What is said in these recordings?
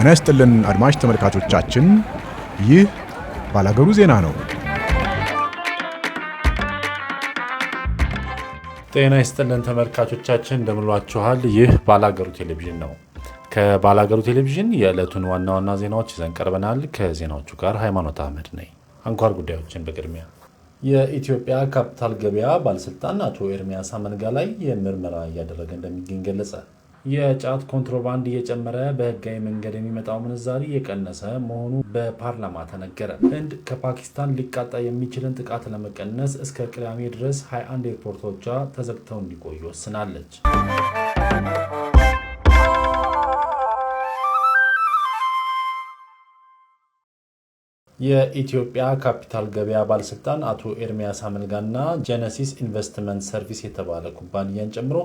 ጤና ይስጥልን አድማጭ ተመልካቾቻችን፣ ይህ ባላገሩ ዜና ነው። ጤና ይስጥልን ተመልካቾቻችን እንደምሏችኋል። ይህ ባላገሩ ቴሌቪዥን ነው። ከባላገሩ ቴሌቪዥን የዕለቱን ዋና ዋና ዜናዎች ይዘን ቀርበናል። ከዜናዎቹ ጋር ሃይማኖት አህመድ ነኝ። አንኳር ጉዳዮችን በቅድሚያ የኢትዮጵያ ካፒታል ገበያ ባለስልጣን አቶ ኤርሚያስ አመንጋ ላይ የምርመራ እያደረገ እንደሚገኝ ገለጸ። የጫት ኮንትሮባንድ እየጨመረ በህጋዊ መንገድ የሚመጣው ምንዛሪ የቀነሰ መሆኑ በፓርላማ ተነገረ። ህንድ ከፓኪስታን ሊቃጣ የሚችልን ጥቃት ለመቀነስ እስከ ቅዳሜ ድረስ 21 ኤርፖርቶቿ ተዘግተው እንዲቆዩ ወስናለች። የኢትዮጵያ ካፒታል ገበያ ባለስልጣን አቶ ኤርሚያስ አመልጋና ጀነሲስ ኢንቨስትመንት ሰርቪስ የተባለ ኩባንያን ጨምሮ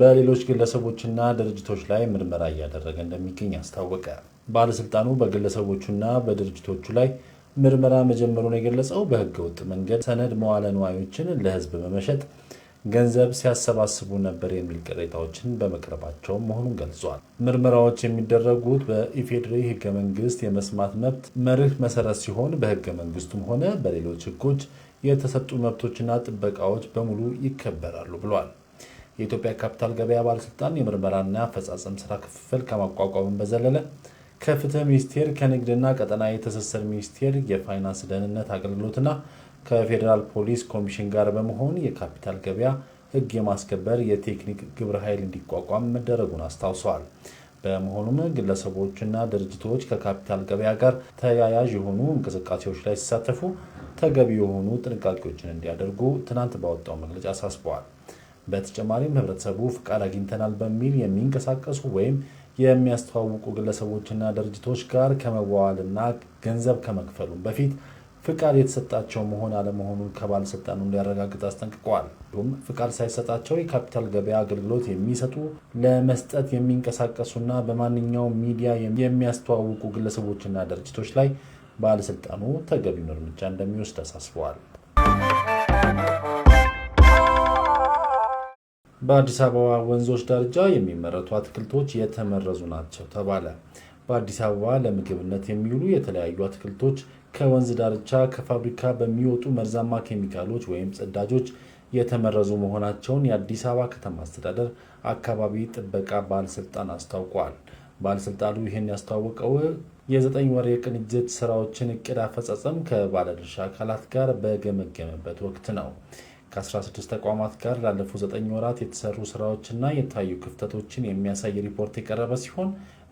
በሌሎች ግለሰቦችና ድርጅቶች ላይ ምርመራ እያደረገ እንደሚገኝ አስታወቀ። ባለስልጣኑ በግለሰቦቹና በድርጅቶቹ ላይ ምርመራ መጀመሩን የገለጸው በህገወጥ መንገድ ሰነድ መዋለ ንዋዮችን ለህዝብ በመሸጥ ገንዘብ ሲያሰባስቡ ነበር የሚል ቅሬታዎችን በመቅረባቸው መሆኑን ገልጿል። ምርመራዎች የሚደረጉት በኢፌዴሪ ህገ መንግስት የመስማት መብት መርህ መሰረት ሲሆን በህገ መንግስቱም ሆነ በሌሎች ህጎች የተሰጡ መብቶችና ጥበቃዎች በሙሉ ይከበራሉ ብሏል። የኢትዮጵያ ካፒታል ገበያ ባለስልጣን የምርመራና አፈጻጸም ስራ ክፍል ከማቋቋምን በዘለለ ከፍትህ ሚኒስቴር፣ ከንግድና ቀጠናዊ ትስስር ሚኒስቴር፣ የፋይናንስ ደህንነት አገልግሎትና ከፌዴራል ፖሊስ ኮሚሽን ጋር በመሆን የካፒታል ገበያ ህግ የማስከበር የቴክኒክ ግብረ ኃይል እንዲቋቋም መደረጉን አስታውሰዋል። በመሆኑም ግለሰቦችና ድርጅቶች ከካፒታል ገበያ ጋር ተያያዥ የሆኑ እንቅስቃሴዎች ላይ ሲሳተፉ ተገቢ የሆኑ ጥንቃቄዎችን እንዲያደርጉ ትናንት ባወጣው መግለጫ አሳስበዋል። በተጨማሪም ህብረተሰቡ ፍቃድ አግኝተናል በሚል የሚንቀሳቀሱ ወይም የሚያስተዋውቁ ግለሰቦችና ድርጅቶች ጋር ከመዋዋልና ገንዘብ ከመክፈሉ በፊት ፍቃድ የተሰጣቸው መሆን አለመሆኑን ከባለስልጣኑ እንዲያረጋግጥ አስጠንቅቀዋል። እንዲሁም ፍቃድ ሳይሰጣቸው የካፒታል ገበያ አገልግሎት የሚሰጡ ለመስጠት የሚንቀሳቀሱና በማንኛውም ሚዲያ የሚያስተዋውቁ ግለሰቦችና ድርጅቶች ላይ ባለስልጣኑ ተገቢውን እርምጃ እንደሚወስድ አሳስበዋል። በአዲስ አበባ ወንዞች ዳርቻ የሚመረቱ አትክልቶች የተመረዙ ናቸው ተባለ። በአዲስ አበባ ለምግብነት የሚውሉ የተለያዩ አትክልቶች ከወንዝ ዳርቻ ከፋብሪካ በሚወጡ መርዛማ ኬሚካሎች ወይም ጽዳጆች የተመረዙ መሆናቸውን የአዲስ አበባ ከተማ አስተዳደር አካባቢ ጥበቃ ባለስልጣን አስታውቋል። ባለስልጣኑ ይህን ያስታወቀው የዘጠኝ ወር የቅንጅት ስራዎችን እቅድ አፈጻጸም ከባለድርሻ አካላት ጋር በገመገመበት ወቅት ነው። ከ16 ተቋማት ጋር ላለፉት 9 ወራት የተሰሩ ስራዎችና የታዩ ክፍተቶችን የሚያሳይ ሪፖርት የቀረበ ሲሆን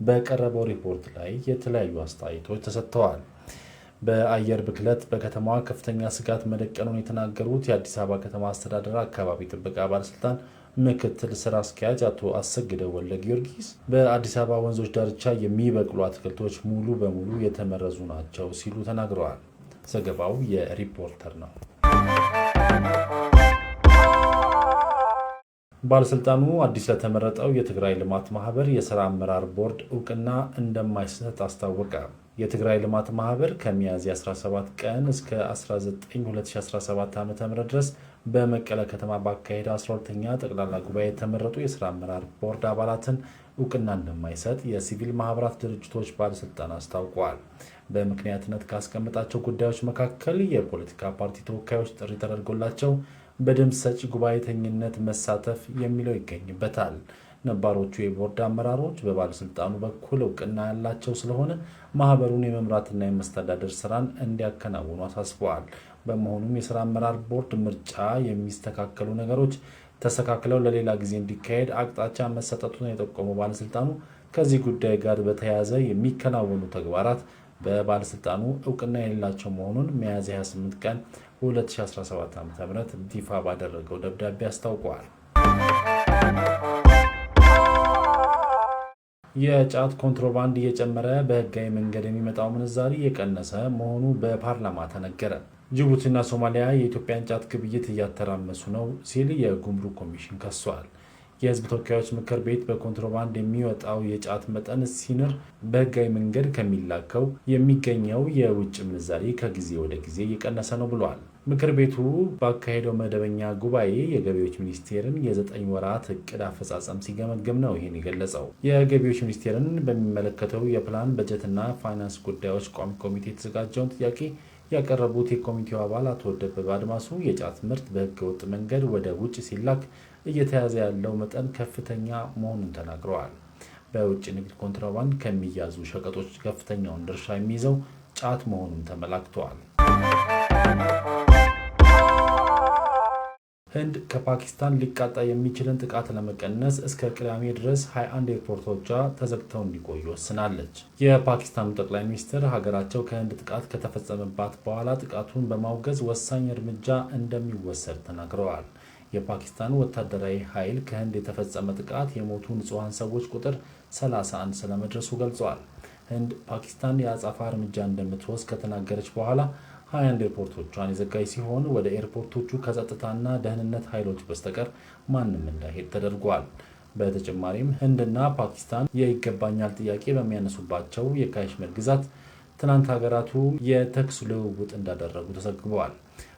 በቀረበው ሪፖርት ላይ የተለያዩ አስተያየቶች ተሰጥተዋል። በአየር ብክለት በከተማዋ ከፍተኛ ስጋት መደቀኑን የተናገሩት የአዲስ አበባ ከተማ አስተዳደር አካባቢ ጥበቃ ባለስልጣን ምክትል ስራ አስኪያጅ አቶ አሰግደው ወለ ጊዮርጊስ በአዲስ አበባ ወንዞች ዳርቻ የሚበቅሉ አትክልቶች ሙሉ በሙሉ የተመረዙ ናቸው ሲሉ ተናግረዋል። ዘገባው የሪፖርተር ነው። ባለስልጣኑ አዲስ ለተመረጠው የትግራይ ልማት ማህበር የስራ አመራር ቦርድ እውቅና እንደማይሰጥ አስታወቀ። የትግራይ ልማት ማህበር ከሚያዝያ 17 ቀን እስከ 19 2017 ዓ ም ድረስ በመቀለ ከተማ ባካሄደ 12ኛ ጠቅላላ ጉባኤ የተመረጡ የስራ አመራር ቦርድ አባላትን እውቅና እንደማይሰጥ የሲቪል ማህበራት ድርጅቶች ባለስልጣን አስታውቋል። በምክንያትነት ካስቀመጣቸው ጉዳዮች መካከል የፖለቲካ ፓርቲ ተወካዮች ጥሪ ተደርጎላቸው በድምፅ ሰጪ ጉባኤተኝነት መሳተፍ የሚለው ይገኝበታል። ነባሮቹ የቦርድ አመራሮች በባለስልጣኑ በኩል እውቅና ያላቸው ስለሆነ ማህበሩን የመምራትና የመስተዳደር ስራን እንዲያከናውኑ አሳስበዋል። በመሆኑም የስራ አመራር ቦርድ ምርጫ የሚስተካከሉ ነገሮች ተስተካክለው ለሌላ ጊዜ እንዲካሄድ አቅጣጫ መሰጠቱን የጠቆሙ ባለስልጣኑ ከዚህ ጉዳይ ጋር በተያያዘ የሚከናወኑ ተግባራት በባለስልጣኑ እውቅና የሌላቸው መሆኑን ሚያዝያ 28 ቀን 2017 ዓ.ም ይፋ ባደረገው ደብዳቤ አስታውቀዋል። የጫት ኮንትሮባንድ እየጨመረ በህጋዊ መንገድ የሚመጣው ምንዛሪ እየቀነሰ መሆኑ በፓርላማ ተነገረ። ጅቡቲና ሶማሊያ የኢትዮጵያን ጫት ግብይት እያተራመሱ ነው ሲል የጉምሩክ ኮሚሽን ከሷል። የህዝብ ተወካዮች ምክር ቤት በኮንትሮባንድ የሚወጣው የጫት መጠን ሲንር በህጋዊ መንገድ ከሚላከው የሚገኘው የውጭ ምንዛሪ ከጊዜ ወደ ጊዜ እየቀነሰ ነው ብሏል። ምክር ቤቱ ባካሄደው መደበኛ ጉባኤ የገቢዎች ሚኒስቴርን የዘጠኝ ወራት እቅድ አፈጻጸም ሲገመግም ነው ይህን የገለጸው። የገቢዎች ሚኒስቴርን በሚመለከተው የፕላን በጀትና ፋይናንስ ጉዳዮች ቋሚ ኮሚቴ የተዘጋጀውን ጥያቄ ያቀረቡት የኮሚቴው አባል አቶ ደበበ አድማሱ የጫት ምርት በህገወጥ መንገድ ወደ ውጭ ሲላክ እየተያዘ ያለው መጠን ከፍተኛ መሆኑን ተናግረዋል። በውጭ ንግድ ኮንትራባንድ ከሚያዙ ሸቀጦች ከፍተኛውን ድርሻ የሚይዘው ጫት መሆኑን ተመላክተዋል። ህንድ ከፓኪስታን ሊቃጣ የሚችልን ጥቃት ለመቀነስ እስከ ቅዳሜ ድረስ 21 ኤርፖርቶቿ ተዘግተው እንዲቆዩ ወስናለች። የፓኪስታኑ ጠቅላይ ሚኒስትር ሀገራቸው ከህንድ ጥቃት ከተፈጸመባት በኋላ ጥቃቱን በማውገዝ ወሳኝ እርምጃ እንደሚወሰድ ተናግረዋል። የፓኪስታኑ ወታደራዊ ኃይል ከህንድ የተፈጸመ ጥቃት የሞቱ ንጹሐን ሰዎች ቁጥር 31 ስለመድረሱ ገልጿል። ህንድ ፓኪስታን የአጸፋ እርምጃ እንደምትወስድ ከተናገረች በኋላ 21 ኤርፖርቶቿን የዘጋች ሲሆን ወደ ኤርፖርቶቹ ከጸጥታና ደህንነት ኃይሎች በስተቀር ማንም እንዳይሄድ ተደርጓል። በተጨማሪም ህንድና ፓኪስታን የይገባኛል ጥያቄ በሚያነሱባቸው የካሽሚር ግዛት ትናንት ሀገራቱ የተኩስ ልውውጥ እንዳደረጉ ተዘግበዋል።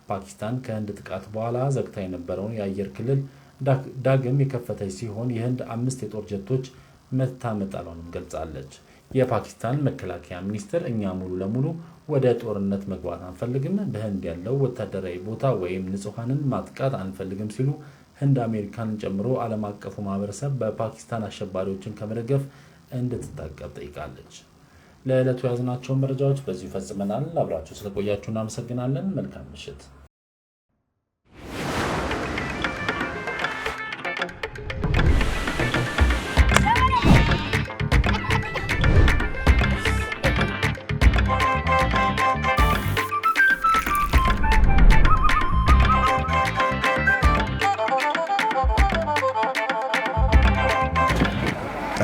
ፓኪስታን ከህንድ ጥቃት በኋላ ዘግታ የነበረውን የአየር ክልል ዳግም የከፈተች ሲሆን የህንድ አምስት የጦር ጀቶች መታ ገልጻለች። የፓኪስታን መከላከያ ሚኒስትር እኛ ሙሉ ለሙሉ ወደ ጦርነት መግባት አንፈልግም፣ በህንድ ያለው ወታደራዊ ቦታ ወይም ንጹሐንን ማጥቃት አንፈልግም ሲሉ ህንድ አሜሪካንን ጨምሮ ዓለም አቀፉ ማህበረሰብ በፓኪስታን አሸባሪዎችን ከመደገፍ እንድትታቀብ ጠይቃለች። ለዕለቱ የያዝናቸውን መረጃዎች በዚሁ ይፈጽመናል። አብራችሁ ስለቆያችሁ እናመሰግናለን። መልካም ምሽት